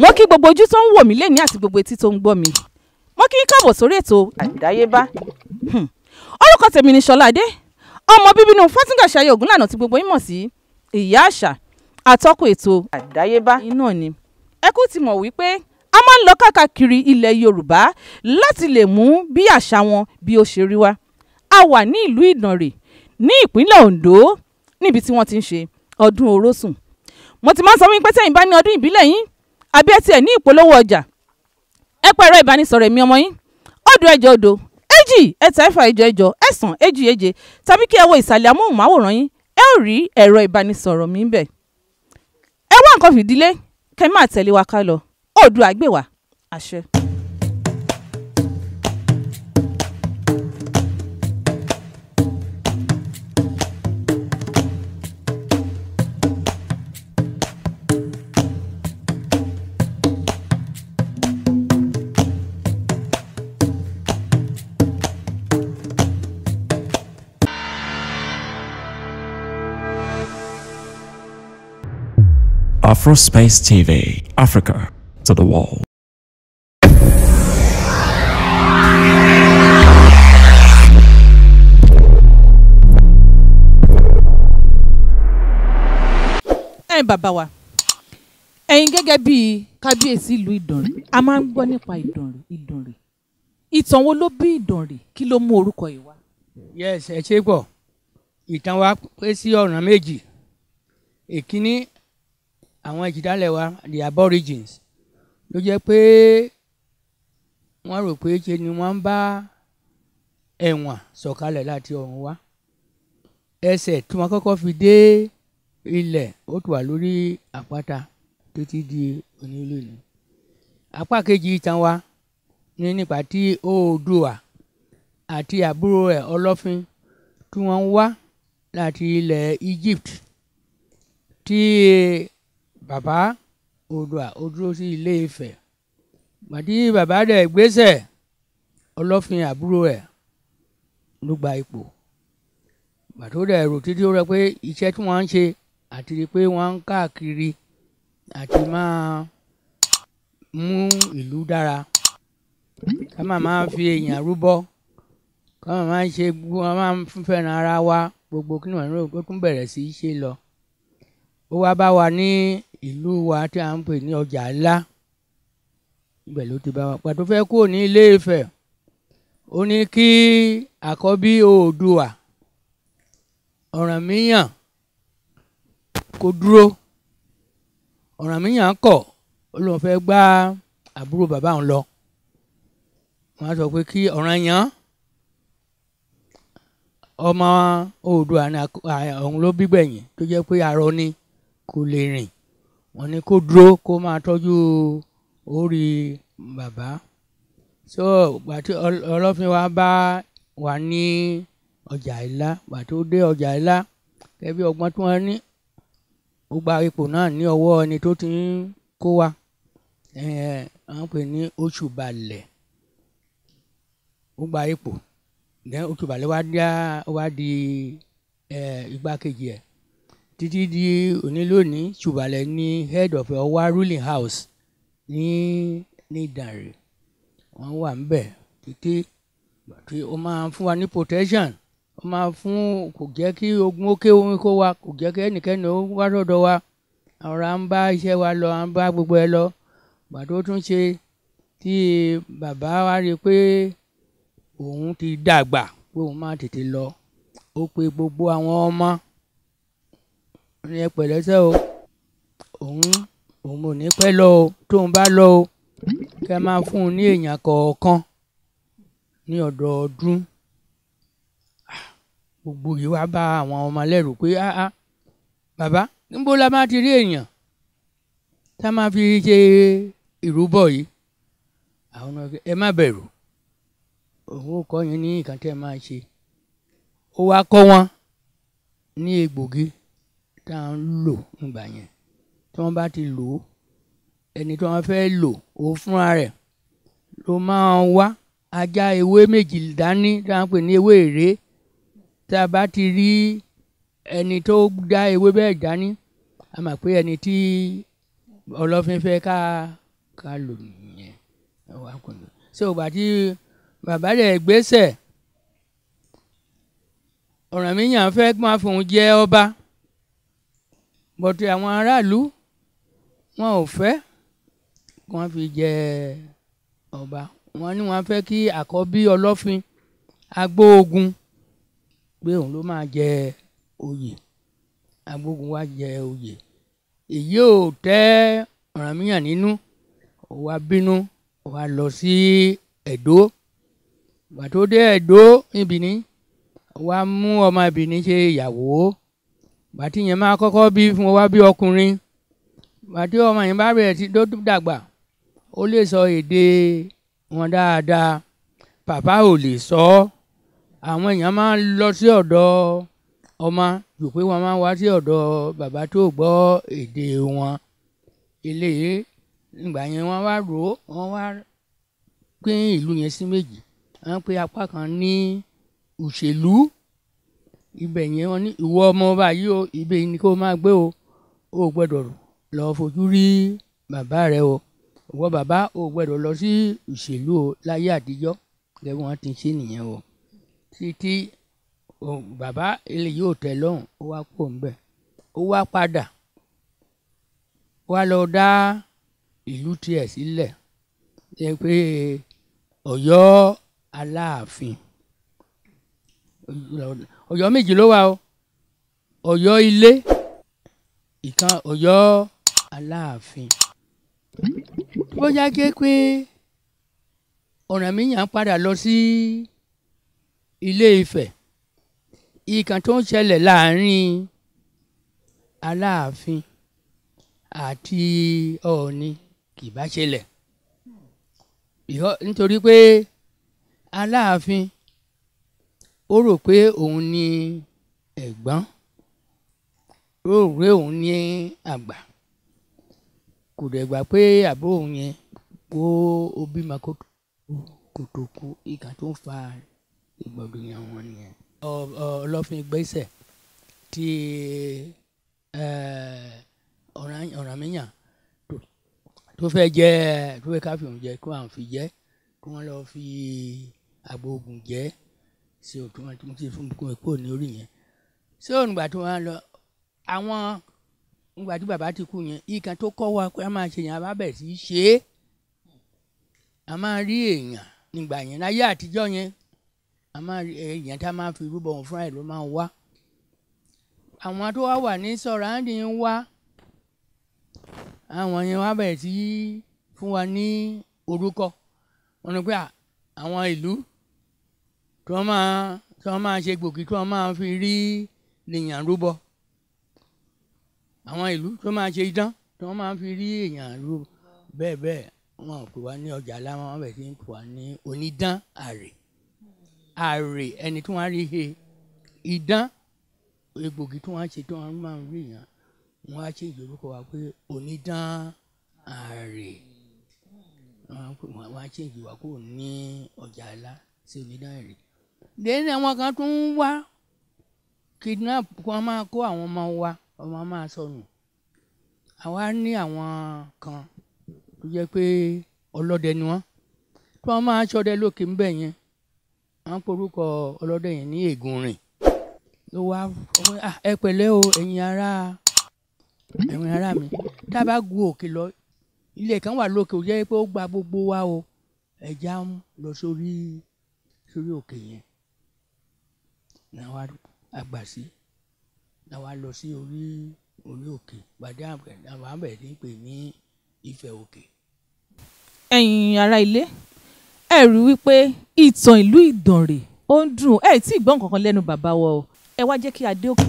mo kí gbogbo ojú tó ń wò mí lẹ́ni àti gbogbo etí tó ń gbọ́ mi mo kí n káàbọ̀ sórí ètò àdáyébá hmm. orúkọ tèmi ni Ṣọládé ọmọ bíbí inú Fọ́tíngà Ṣayé Ògúnlànà tí gbogbo yín mọ̀ sí ìyá àṣà àtọ́kùn ètò àdáyébá iná ni ẹ kú ti mọ̀ wípé a máa ń lọ káàkiri ilẹ̀ Yorùbá láti lè mú bí àṣà wọn bí ó ṣe rí wa a wà ní ìlú Ìdànrè ní ìpínlẹ̀ Ondo níbi tí wọ́n ti ń ṣe ọdún Orósùn mo ti máa ń sọ wípé tẹ́yìn bá ní ọdún ìbílẹ̀ yín àbí ẹ tiẹ̀ ní ìpolówó ọjà ẹ pẹ́ ẹ̀rọ ìbánisọ̀rọ̀ èmi ọmọ yín òdo ẹ̀jọ òdo èjì ẹ̀ta ẹ̀fà ẹ̀jọ ẹ̀jọ ẹ̀sán èjì èje tàbí kí ẹ wo ìsàlẹ̀ amóhùnmáwòrán yín ẹ ó rí ẹ̀rọ ìbánisọ̀rọ̀ mi bẹ̀. ẹ wá nǹkan fìdílé kẹ́ máa wa ká lọ Oòduà gbè àṣẹ. Afrospace TV, Africa to the world. ẹ̀yin bàbá wa ẹ̀yin gẹ́gẹ́ bíi kábíyèsí ìlú Ìdànrè a máa ń gbọ́ nípa Ìdànrè Ìdànrè ìtàn wo ló bí Ìdànrè kí ló mú orúkọ yìí wá. yes ẹ ṣe pọ̀ ìtàn wa pé sí ọ̀ràn méjì èkíní àwọn ìjìdálẹ̀ wa the aborigines ló jẹ́ pé wọ́n rò pé ṣe ni wọ́n ń bá ẹ̀wọ̀n sọ̀kalẹ̀ láti ọ̀run wá ẹsẹ̀ tí wọ́n kọ́kọ́ fi dé ilẹ̀ ó tù wá lórí àpáta títí di onílé ni apá kejì ìtàn wa ní nípa tí oòdùà àti àbúrò ẹ̀ ọlọ́fin tí wọ́n ń wá láti ilẹ̀ Egypt tí bàbá Odua, ó dúró sí ilé Ifẹ̀ gbàdí bàbá rẹ̀ gbésẹ̀ Ọlọ́fin àbúrò ẹ̀ ló gba ipò gbàtó rẹ̀ rò títí ó rẹ pé iṣẹ́ tí wọ́n ń ṣe àti pé wọ́n ń káàkiri àti máa mú ìlú dára ká má máa fi èèyàn rúbọ ká má máa ṣe gbogbo wọn máa ń fẹ́ràn ara wa gbogbo kí ni wọ́n ń rò ó tún bẹ̀rẹ̀ sí í ṣe lọ ó wá bá wa ní ìlú wa tí a ń pè ní ọjà ńlá ibẹ̀ ló ti bá wa pàtó fẹ́ kúrò ní ilé Ifẹ̀ ó ní kí àkọ́bí Oòduà Ọ̀rànmíyàn kó dúró Ọ̀rànmíyàn kọ̀ ó lóun fẹ́ gbá àbúrò bàbá òun lọ wọ́n á sọ pé kí Ọ̀rànyàn ọmọ Oòduà òun ló bí gbẹ̀yìn tó jẹ́ pé arọ ni kò lè rìn wọ́n ní kó dúró kó máa tọ́jú orí bàbá so ìgbà tí ọlọ́fin wa bá wà ní ọjà ìlá ìgbà tó dé ọjà ìlá kẹbí ọgbọ́n tí wọ́n ní ó gba ipò náà ní ọwọ́ ẹni tó ti ń kó wa wọ́n pè ní Oṣùbàlẹ̀ ó gba ipò Oṣùbàlẹ̀ wá di igbákejì ẹ̀ títí di òní lónìí ṣùgbọ́n ní head of Ọwá ruling house ní ní Ìdànrè wọ́n wà ń bẹ̀ títí tí ó máa ń fún wa ní protection ó máa fún kò jẹ́ kí ogun ó ké orin kó wa kò jẹ́ kí ẹnikẹ́ni ó wá sọ́dọ̀ wa àwọn à ń bá iṣẹ́ wa lọ à ń bá gbogbo ẹ lọ gbà tó tún ṣe tí bàbá wa rí i pé òun ti dàgbà pé òun máa tètè lọ ó pe gbogbo àwọn ọmọ ní pẹ̀lẹ́sẹ̀ o òun òun ò ní pẹ́ lọ o tóun bá lọ o kẹ́ máa fún un ní èèyàn kọ̀ọ̀kan ní ọdọọdún gbogbo yìí wá bá àwọn ọmọ lẹ́rù pé áá bàbá níbo la máa ti rí èèyàn tá a máa fi ṣe ìrúbọ yìí àwọn ọmọ ẹ má bẹ̀rù òun ò kọ́ yín ní nǹkan tẹ́ ẹ máa ṣe ó wá kọ́ wọn ní egbògi tá à ń lò nígbà yẹn tí wọ́n bá ti lò ó ẹni tí wọ́n fẹ́ lò ó fúnra rẹ̀ ló máa ń wá ajá ewé méjì dání tá à ń pè ní ewé ère tá a bá ti rí ẹni tó dá ewé bẹ́ẹ̀ dání a mọ̀ pé ẹni tí ọlọ́fin fẹ́ ká ká lò nìyẹn wà kò lò ṣé o gbà tí bàbá rẹ̀ gbéṣẹ̀ Ọ̀rànmíyàn fẹ́ máa fòun jẹ ọba bọ̀tí àwọn aráàlú wọn ò fẹ́ wọn fi jẹ ọba wọn ní wọn fẹ́ kí àkọ́bí ọlọ́fin agbóògùn pé òun ló máa jẹ oyè agbóògùn wá jẹ oyè èyí ò tẹ́ Ọ̀rànmíyàn nínú ó wá bínú ó wá lọ sí Ẹdó gbà dé Ẹdó Ìbìní ó wá mú ọmọ Ìbìní ṣe ìyàwó bàtí yẹn máa kọ́kọ́ bí mo wá bí ọkùnrin bàtí ọmọ yẹn bá bẹ̀rẹ̀ tí tó dàgbà ó lè sọ èdè wọn dáadáa pàpá ò lè sọ ọ́ àwọn èèyàn máa ń lọ sí ọ̀dọ̀ ọmọ jù pé wọ́n máa ń wá sí ọ̀dọ̀ bàbá tó gbọ́ èdè wọn eléyìí ìgbà yẹn wọ́n wá rò ó wọ́n wá pín ìlú yẹn sí méjì wọ́n pe apá kan ní òṣèlú ibẹ̀ yẹn wọ́n ní ìwọ ọmọ ọba yìí o ibẹ̀ ni kó máa gbé o ò gbọ́dọ̀ lọ fojú rí bàbá rẹ o ìwọ bàbá ò gbọ́dọ̀ lọ sí ìṣèlú o láyé àtijọ́ lẹ́wọ̀n wọn ti ṣe nìyẹn o títí bàbá eléyìí ò tẹ́ lọ́rùn ó wá kó ń bẹ̀ ó wá padà wá lọ dá ìlú tiẹ̀ sílẹ̀ ṣe pé Ọ̀yọ́ Aláàfin. Ọ̀yọ́ méjì ló wà o Ọ̀yọ́ ilé ìkan Ọ̀yọ́ Aláàfin bó jágé pé Ọ̀rànmíyàn padà lọ sí Ilé Ifẹ̀ ìkan tó ń ṣẹlẹ̀ láàrin Aláàfin àti Ọọ̀ni kì bá ṣẹlẹ̀ nítorí pé Aláàfin ó rò pé òun ni ẹ̀gbọ́n ó rò pé òun ni àgbà kò dẹ̀ pé àbúrò òun yẹn kó o bímọ kó tó ìkà tó ń fa ìgbọ̀dọ̀ yẹn wọn nìyẹn. ọlọ́fin gbèsè ti Ọ̀rànmíyàn tó fẹ́ jẹ́ tó fẹ́ káfíń jẹ́ kó àwọn fi jẹ́ kí wọ́n lọ́ọ́ fi àgbo oògùn jẹ́ ṣe òkè wọn tí mo ti fún mi kó mi kúrò ní orí yẹn ṣé òǹgbà tó wá lọ àwọn òǹgbà tí bàbá ti kú yẹn ìkan tó kọ́ wa pé a máa ṣe yẹn a bá bẹ̀rẹ̀ sí í ṣe é a máa rí èèyàn nígbà yẹn láyé àtijọ́ yẹn a máa rí èèyàn tá a máa fi rúbọ wọn fúnra ẹ̀ ló máa wá àwọn tó wá wà ní sọ̀ràǹdì ń wá àwọn yẹn wá bẹ̀rẹ̀ sí í fún wa ní orúkọ wọn ni pé àwọn ìlú kí wọ́n máa kí wọ́n máa ṣe gbòógì kí wọ́n máa fi rí lèèyàn rúbọ àwọn ìlú tó máa ṣe idán tí wọ́n máa fi rí èèyàn rú bẹ́ẹ̀ bẹ́ẹ̀ wọn ò pè wá ní ọjà láwọn wọn bẹ̀rẹ̀ sí ń pè wá ní onídán àrè àrè ẹni tí wọ́n rí he idán egbògi tí wọ́n ṣe tí wọ́n máa ń rí yàn wọ́n á ṣe ìjòrúkọ wa pé onídán àrè wọ́n á ṣe ìjòwà ní ọjà ńlá sí onídán àrè dèédé wọn kan tún ń wá kidnap kan máa kó àwọn ọmọ wa ọmọ máa sọnù àwa ní àwọn kan tó jẹ́ pé ọlọ́dẹ ni wọ́n tí wọ́n máa ṣọdẹ lókè ń bẹ̀ yẹn wọ́n porúkọ ọlọ́dẹ yẹn ní Ègùnrìn ló wá ah, ẹ pẹ̀lẹ́ o ẹ̀yin ará ẹ̀yin ará mi tá a bá gun òkè lọ ilé kan wà lókè ó jẹ́ pé ó gba gbogbo wa o ẹ̀já lọ sórí sórí òkè yẹn la wá àgbà sí la wá lọ sí orí orí òkè gbàdé àbẹ̀ làwọn àbẹ̀ ní pè ní Ifẹ̀ òkè. ẹ̀yin ará ilé ẹ rí wípé ìtàn ìlú Ìdànrè ó ń dùn ẹ tí ì gbọ́ nǹkan lẹ́nu bàbá wa ẹ wá jẹ́ kí adé òkè.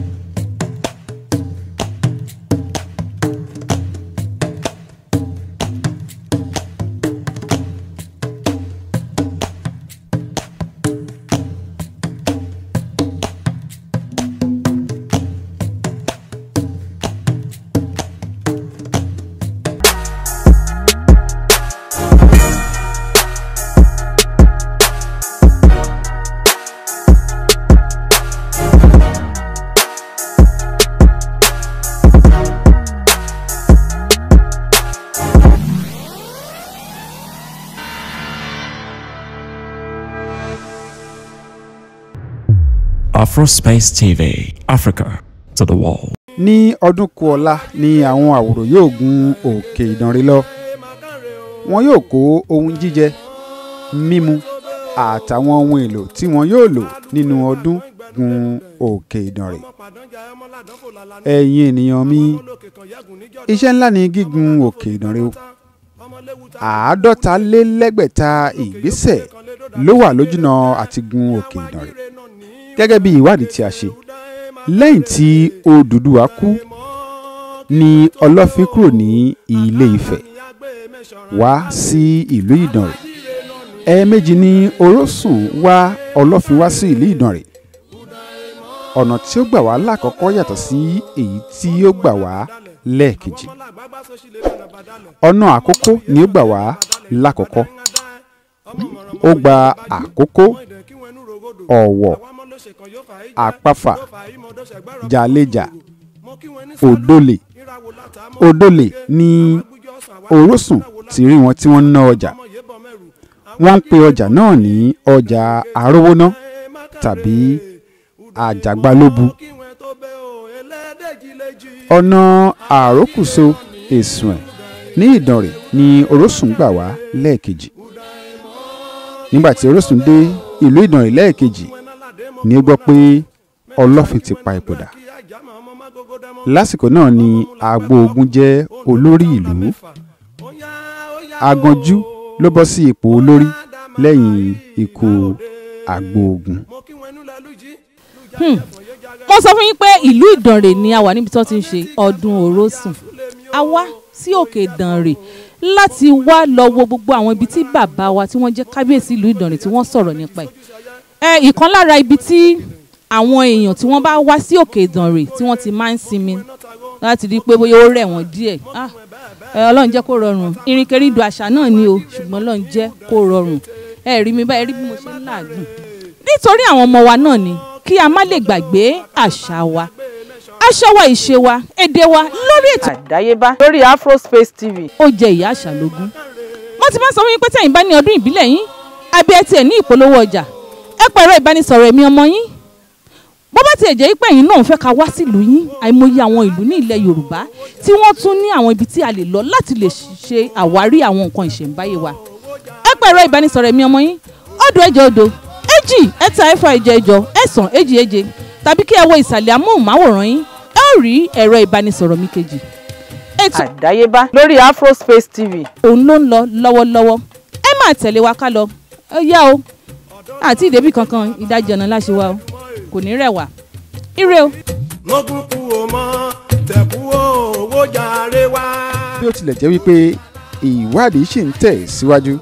Afrospace TV Africa to the world. ní ọdún kù ọ̀la ni àwọn àwòrò yóò gun òkè Ìdànrè lọ wọn yóò kó ohun jíjẹ mímu àtàwọn ohun èlò tí wọn yóò lò nínú ọdún gun òkè Ìdànrè. ẹ̀yin ènìyàn mi iṣẹ́ ńlá ni gígun òkè Ìdànrè o àádọ́ta lé lẹ́gbẹ̀ta ìgbésẹ̀ ló wà lójúnà àti gun òkè Ìdànrè gẹ́gẹ́ bí ìwádìí tí a ṣe lẹ́yìn tí Odùduwà kú ni Ọlọ́fin kúrò ní Ilé Ifẹ̀ wá sí ìlú Ìdànrè ẹ̀ẹ̀mejì ni Orósùn wá Ọlọ́fin wá sí ìlú Ìdànrè ọ̀nà tí ó gbà wá lákọ̀ọ́kọ́ yàtọ̀ sí èyí tí ó gbà wá lẹ́ẹ̀kejì ọ̀nà àkókò ni ó gbà wá lákọ̀ọ́kọ́ ó gba àkókò ọ̀wọ̀ àpáfà jàlejà òdòlè òdòlè ní Orosun. ti rí wọn tí wọ́n ń ná ọjà wọ́n ń pe ọjà náà ní ọjà àrówóná tàbí àjàgbálóbu ọ̀nà àrókùsọ èsùn ẹ̀ ní ìdànrè ni Orosun gbà wá lẹ́ẹ̀kejì nígbà tí orosùn dé ìlú ìdànrè lẹ́ẹ̀kejì ni ó gbọ́ pé ọlọ́fin ti pa ipò lásìkò náà ni agbo ogun jẹ́ olórí ìlú aganjú ló bọ́ sí ipò olórí lẹ́yìn ikú agbo ogun. Hmm. mo sọ fún yín pé ìlú ìdànrè ni a wà níbi tó ti ń ṣe ọdún orosùn a wá sí òkè ìdànrè láti wá lọ wo gbogbo àwọn ibi tí bàbá wa tí wọ́n jẹ́ kábíyèsí ìlú ìdànrè tí wọ́n sọ̀rọ̀ nípa ẹ̀ ẹ ìkan lára ibi tí àwọn èèyàn tí wọ́n bá wá sí òkè ìdànrè tí wọ́n ti máa ń sinmi láti rí i pé bóyá ó rẹ̀ wọ́n díẹ̀ ah, ọlọ́run jẹ́ kó rọrùn irinkerídò àṣà náà ni o ṣùgbọ́n ọlọ́run jẹ́ kó rọrùn ẹ rí mi báyìí rí bí mo ṣe ń làágùn nítorí àwọn ọmọ wa náà ni kí a má lè gbàgbé àṣà wa àṣà wa ìṣe wa èdè wa lórí ètò àdáyébá lórí Afrospace TV ó jẹ ìyá àṣà lógún wọ́n ti máa ń sọ wípé tẹ̀yìn bá ní ọdún ìbílẹ̀ yín àbí ẹ tiẹ̀ ní ìpolówó ọjà ẹ pẹ̀rọ ìbánisọ̀rọ̀ èmi ọmọ yín bó bá tiẹ̀ jẹ́ pé ẹ̀yin náà fẹ́ ka wá sílùú yín àìmọye àwọn ìlú ní ilẹ̀ Yorùbá tí wọ́n tún ní àwọn ibi tí a lè lọ láti lè ṣe àwárí àwọn nǹkan ìṣẹ̀ǹbáyé wa ẹ pẹ̀rọ ìbánisọ̀rọ̀ èmi ọmọ yín òdo ẹ̀jọ òdo èjì ẹ̀ta ẹ̀fà ẹ̀jọ ẹ̀jọ ẹ̀sán èjì èje tàbí kí ẹ wo ìsàlẹ̀ amóhùnmáwòrán yín ẹ ó rí ẹ̀rọ ìbánisọ̀rọ̀ mi kejì. ètò àdáyébá lórí Afrospace TV òun ló ń lọ lọ́wọ́lọ́wọ́ ẹ máa tẹ̀lé wa ká lọ ó yá o àti ìdébì kankan ìdajì ọ̀nà láṣẹ wa o kò ní rẹwà ire o. mọ́kùnkù ò mọ tẹ̀kú owó jàre wá. bí ó tilẹ̀ jẹ́ wípé ìwádìí ṣì ń tẹ̀ síwájú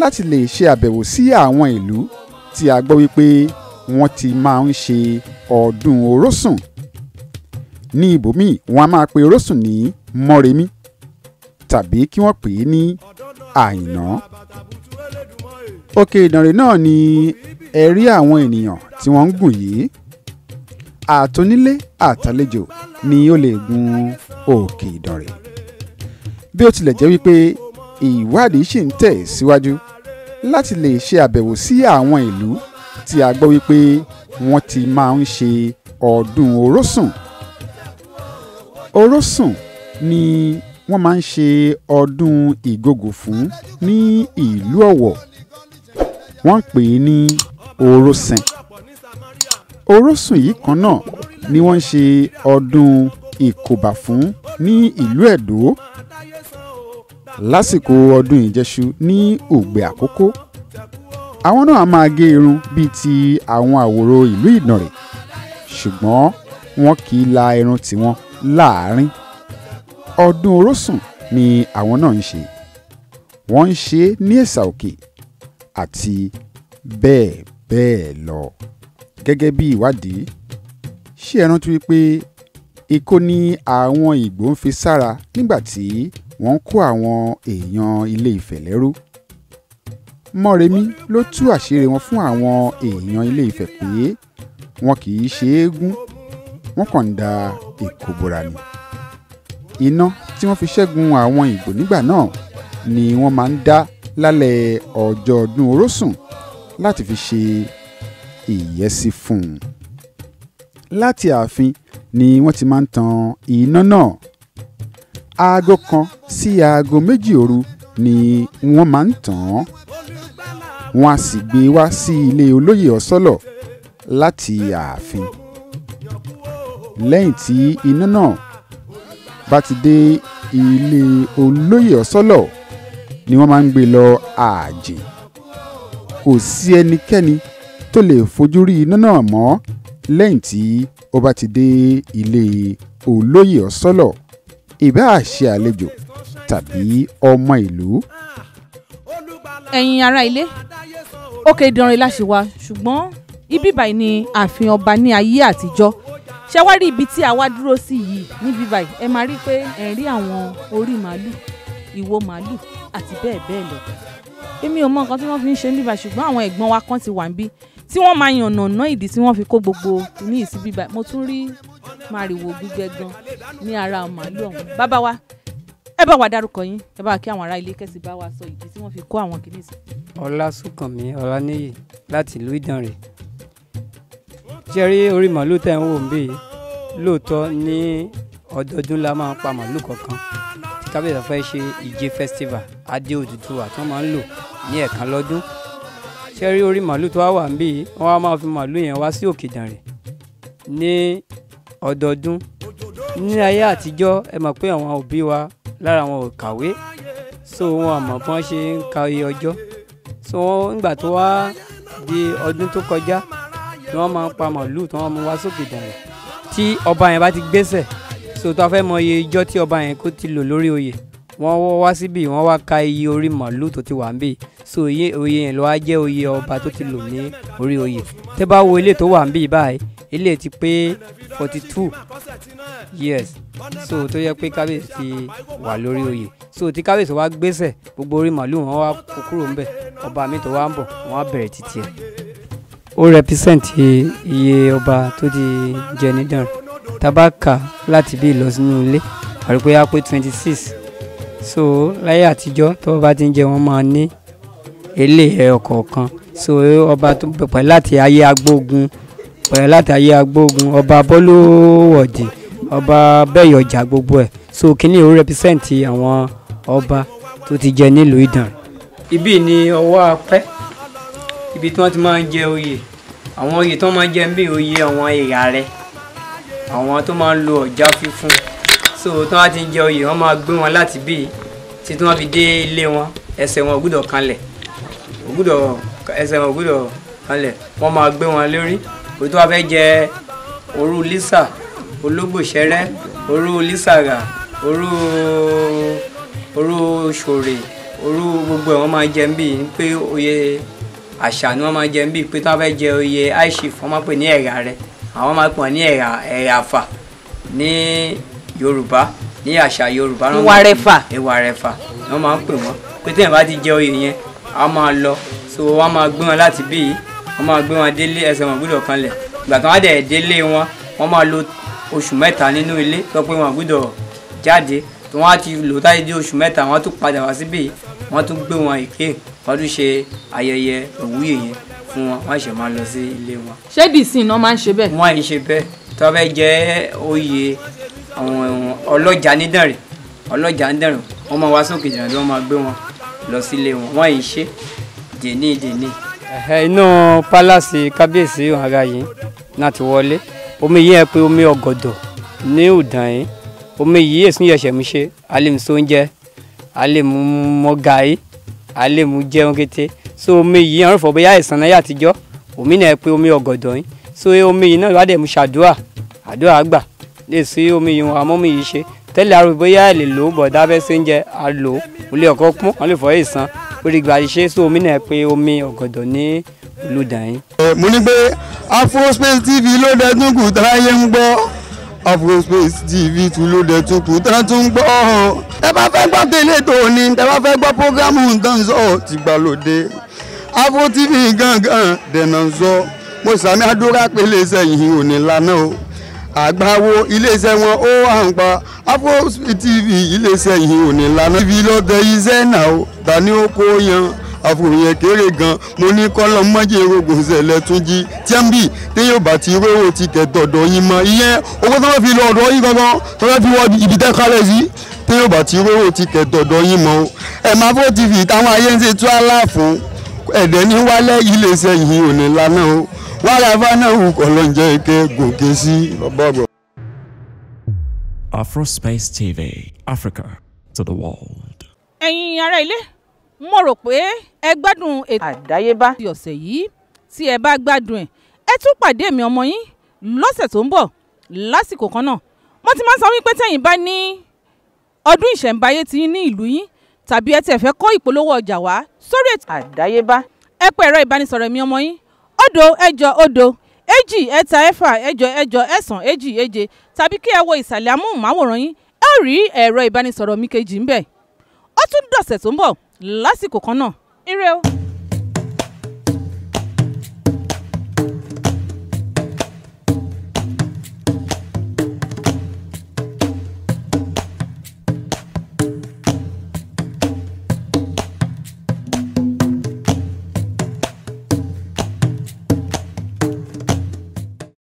láti lè ṣe àbẹ̀wò sí àwọn ìlú tí a gbọ́ wípé wọ́n ti máa ń ṣe ọdún orósùn ní ibòmíì wọ́n á máa pe orósùn ní mọ́remí tàbí kí wọ́n pè é ní àyìnà òkè ìdànrè náà ni ẹ̀rí àwọn ènìyàn tí wọ́n ń gùn yìí àtonílé àtàlejò ni ó lè gun òkè ìdànrè bí ó tilẹ̀ jẹ́ wípé ìwádìí ṣì ń tẹ̀ síwájú láti lè ṣe àbẹ̀wò sí àwọn ìlú tí a gbọ́ wípé wọ́n ti máa ń ṣe ọdún orósùn orósùn ni wọ́n máa ń ṣe ọdún ìgògò fún ní ìlú ọ̀wọ̀ wọ́n ń pè é ní orosìn orosùn yìí kan náà ni wọ́n ń ṣe ọdún ìkóbà fún ní ìlú Ẹdó lásìkò ọdún ìjẹṣu ní ògbè àkókó àwọn náà máa gé irun bíi ti àwọn àwòrò ìlú Ìdànrè ṣùgbọ́n wọn kì í la irun tiwọn láàárín ọdún orosùn ni àwọn náà ń ṣe wọ́n ń ṣe é ní Ẹ̀sà Òkè àti bẹ́ẹ̀ bẹ́ẹ̀ lọ. gẹ́gẹ́ bí ìwádìí ṣé ẹ rántí wípé ikó ni àwọn Ìgbò ń fi sára nígbà tí wọ́n ń kó àwọn èèyàn Ilé Ifẹ̀ lẹ́rú. Mọ́remí ló tú àṣírí wọn fún àwọn èèyàn Ilé Ifẹ̀ pé wọn kì í ṣe eégún wọ́n kàn ń da èkó bora ni. iná tí wọ́n fi ṣẹ́gun àwọn Ìgbò nígbà náà ni wọ́n máa ń dá lálẹ́ ọjọ́ ọdún orósùn láti fi ṣe ìyẹ́sí fún un. láti ààfin ni wọ́n ti máa ń tan iná náà. aago kan sí aago méjì òru ni wọ́n máa ń tàn án. wọ́n á sì gbé e wá sí ilé olóyè ọ̀sọ́lọ̀ láti ààfin. lẹ́yìn tí iná náà bá ti dé ilé olóyè ọ̀sọ́lọ̀ ni wọ́n máa ń gbé lọ ààjìn kò sí ẹnikẹ́ni tó lè fojú rí iná náà mọ́ lẹ́yìn tí ó bá ti dé ilé olóyè ọ̀sọ́lọ̀ ìbáà ṣe àlejò tàbí ọmọ ìlú. ẹ̀yin ará ilé òkè ìdánrin láṣẹ wa ṣùgbọ́n ibi báyìí ni ààfin ọba ní ayé àtijọ́ ṣe ibi tí a wá dúró sí yìí níbi báyìí ẹ máa rí i pé ẹ rí àwọn orí màálù ìwo màálù àti bẹ́ẹ̀ bẹ́ẹ̀ lọ èmi ò mọ nǹkan tí wọ́n fi ń ṣe níbà ṣùgbọ́n àwọn ẹ̀gbọ́n wa kan ti wà ń bí tí wọ́n máa yànnàná ìdí tí wọ́n fi kó gbogbo ní ìsí bíbá mo tún rí màrìwò gbígbẹ gan ní ara màálù ọ̀hún bàbá wa ẹ bá wa dárúkọ yín ẹ bá kí àwọn ará ilé kẹsì bá wa sọ ìdí tí wọ́n fi kó àwọn kìíní sí. ọlásùnkànmí ọláníyì láti ìlú ìdànrè ṣe rí orí màálù tẹ̀ ń wò ń bì yìí ní ọdọọdún la máa ń pa màálù kọ̀ọ̀kan kábíyèsí fẹ́ ṣe ìje festival adé Odùduwà tó máa ń lò ní ẹ̀ẹ̀kan lọ́dún ṣé rí orí màálù tó wà ń bí wọn á máa fi màálù yẹn wá sí òkè dànrè ní ọdọọdún ní ayé àtijọ́ ẹ mọ̀ pé àwọn òbí wa lára wọn ò kàwé so wọn àmọ̀ bí wọ́n ṣe ń ka iye ọjọ́ so wọn nígbà tó wá di ọdún tó kọjá ni wọ́n máa ń pa màálù tí wọ́n mú wá sókè dànrè tí ọba yẹn bá ti gbéṣẹ̀ sòtò afẹ́ mọ iye ijọ́ tí ọba yẹn kò ti lò lórí oyè wọ́n wá síbí wọ́n wá ka iye orí màálùú tó ti wà níbí so iye oyè yẹn ló wá jẹ́ oyè ọba tó ti lò ní orí oyè tẹ́ bá wo ilé tó wà níbí báyìí ilé ti pé forty two years so tó yẹ pé kábíyèsí ti wà lórí oyè so tí kábíyèsí wá gbésẹ̀ gbogbo orí màálùú wọ́n wá kó kúrò ńbẹ̀ ọba mi tó wá ń bọ̀ wọ́n á bẹ̀rẹ̀ títí ẹ̀ ó represent iye ọba tó ti jẹ nídàn rẹ̀. Tabaka a bá kà láti bí lọ sínú ilé àrùkò yá pé twenty six so láyé àtijọ́ tó bá ti ń jẹ wọ́n máa ní èlé ẹyọ so ọba tó pẹ̀lú láti ayé agbógun pẹ̀lú láti ayé agbógun ọba bọ́lúwọ̀dì ọba bẹ́yọ̀jà gbogbo ẹ̀ so kínní ò rẹpísẹ́ǹtì àwọn ọba tó ti jẹ nílùú ìdàn. ibí ni ọwọ́ apẹ́ ibi tí wọ́n ti máa ń jẹ oyè àwọn oyè tí wọ́n máa ń jẹ ń bí oyè àwọn ìyá rẹ̀ àwọn tó máa ń lo ọ̀já fífún so tí wọ́n ti jẹ oyè wọ́n máa gbé wọn láti bíi tí tí wọ́n fi dé ilé wọn ẹsẹ̀ wọn ògùdọ̀ kanlẹ̀ ògùdọ̀ ẹsẹ̀ wọn ògùdọ̀ kanlẹ̀ wọ́n máa gbé wọn lórí òtún wọn fẹ́ jẹ òru lísà ológbòṣẹ́rẹ́ òru lísàrà òru òru ṣòrè òru gbogbo ẹ̀ wọ́n máa jẹ bíi pé oyè àṣà ni wọ́n máa jẹ bíi pé tí wọ́n fẹ́ jẹ oyè aishif wọ́n máa pè ní ẹ̀rà rẹ̀ àwọn máa pọ̀ ní ẹ̀yà ẹ̀yà àfà ní yorùbá ní àṣà yorùbá ìwà rẹ̀fà ìwà rẹ̀fà ni wọ́n máa ń pè wọ́n pé téèyàn bá ti jẹ oyè yẹn a máa lọ so wọ́n máa gbé wọn láti bí yìí wọ́n máa gbé wọn délé ẹsẹ̀ wọn gbúdọ̀ kanlẹ̀ ìgbà kan wọ́n dẹ̀ délé wọn wọ́n máa lo oṣù mẹ́ta nínú ilé sọ pé wọn gbúdọ̀ jáde tí wọ́n á ti lò táyé dé oṣù mẹ́ta wọ́n tún padà wá síbí yìí wọ́n tún gbé wọn èké wọ́n tún ṣe ayẹyẹ òwúyè yẹn fún wọn wọ́n ṣe máa lọ sí ilé wọn. ṣé dìsín náà máa ń ṣe bẹ́ẹ̀. wọ́n àì ṣe bẹ́ẹ̀ tó fẹ́ jẹ́ oyè àwọn ọlọ́jà nídànrẹ́ ọlọ́jà nídànrẹ́ wọ́n máa wá sókè jìnnà tí wọ́n máa gbé wọn lọ sílé wọn wọ́n àì ṣe dèní dèní. inú pálásì kábíyèsí ọ̀hánra yìí náà ti wọlé omi yìí ẹ pé omi ọ̀gọ̀dọ̀ ní ọ̀dàn yìí omi yìí èsùn yẹ̀ṣẹ̀ mi ṣe alẹ́ mi sóúnjẹ alẹ́ mu mọ́gàáyé alẹ́ mu jẹun kété so omi yìí hàn fọ bóyá ẹ̀sán náírà àtijọ́ omi náà pé omi ọ̀gọ̀dọ̀ yín so omi yìí náà wádẹ̀ mú ṣàdúrà àdúrà gbà lè sí omi yìí wọn àmọ́ omi yìí ṣe tẹ́lẹ̀ arò bóyá ẹ̀ lè lò ó bọ̀dá fẹ́ ṣe ń jẹ àlò olè ọ̀kọ́ pọ́n wọn lè fọ ẹ̀sán orí gbà ṣe so omi náà pé omi ọ̀gọ̀dọ̀ ní olùdàn yín. mo ní pé Afrospace TV ló dẹdún kù táyé ń gbọ́ Afrospace TV tún ló dẹdún kù táyé tún ń gbọ́ tẹ bá fẹ́ gbọ́ tẹ́lẹ̀ tó ní tẹ bá fẹ́ gbọ́ programu tó ń tìgbàlódé Afro TV gangan dènà ń mo sàmì àdúrà pé iléeṣẹ́ yìí ò ní lànà o àgbáwo iléeṣẹ́ wọn ó à ń pa Afro TV iléeṣẹ́ yìí ò ní lànà. ibi lọ́bẹ iṣẹ́ náà o tani ó kó yan àfòyẹ kéré gan mo ní kọ́lọ́ mọ́jẹ́ rògùn ṣẹlẹ̀ tún jí tíẹ́mbì téèyàn bá ti rówó ti kẹ̀tọ̀ ọ̀dọ̀ yín mọ́ ìyẹn owó tó wọ́n fi lọ ọ̀dọ̀ yín gangan tó wọ́n fi wọ ibi tẹ́ kálẹ̀ sí téèyàn bá ti rówó ti kẹ̀tọ̀ ọ̀dọ̀ yín mọ́ ẹ̀ máa Afro TV táwọn ayé ń ṣe tú àlá ẹ̀dẹ̀ ní wálẹ̀ iléeṣẹ́ yìí ò ní lana o wàrà fanáwù kọlọ́njẹ́ ike gòkè sí ọgbọ́gbọ́. Afrospace TV Africa to the world. ẹ̀yin ará ilé mo rò pé ẹ gbádùn ètò àdáyébá ti ọ̀sẹ̀ yìí tí ẹ bá gbádùn ẹ̀ ẹ tún pàdé mi ọmọ yín lọ́sẹ̀ tó ń bọ̀ lásìkò kan náà mo ti máa ń sọ wípé tẹ̀yin bá ní ọdún ìṣẹ̀ǹbáyé ti ní ìlú yín tàbí ẹ tiẹ̀ fẹ́ kọ́ ìpolówó ọjà wá sórí ètò àdáyébá ẹ pè ẹ̀rọ ìbánisọ̀rọ̀ mi ọmọ yín òdo ẹ̀jọ òdo èjì ẹ̀ta ẹ̀fà ẹ̀jọ ẹ̀jọ ẹ̀sán èjì èje tàbí kí ẹ wo ìsàlẹ̀ amóhùnmáwòrán yín ẹ rí ẹ̀rọ ìbánisọ̀rọ̀ mi kejì ńbẹ̀ ó tún dọ̀sẹ̀ tó ń bọ̀ lásìkò kan náà ire o.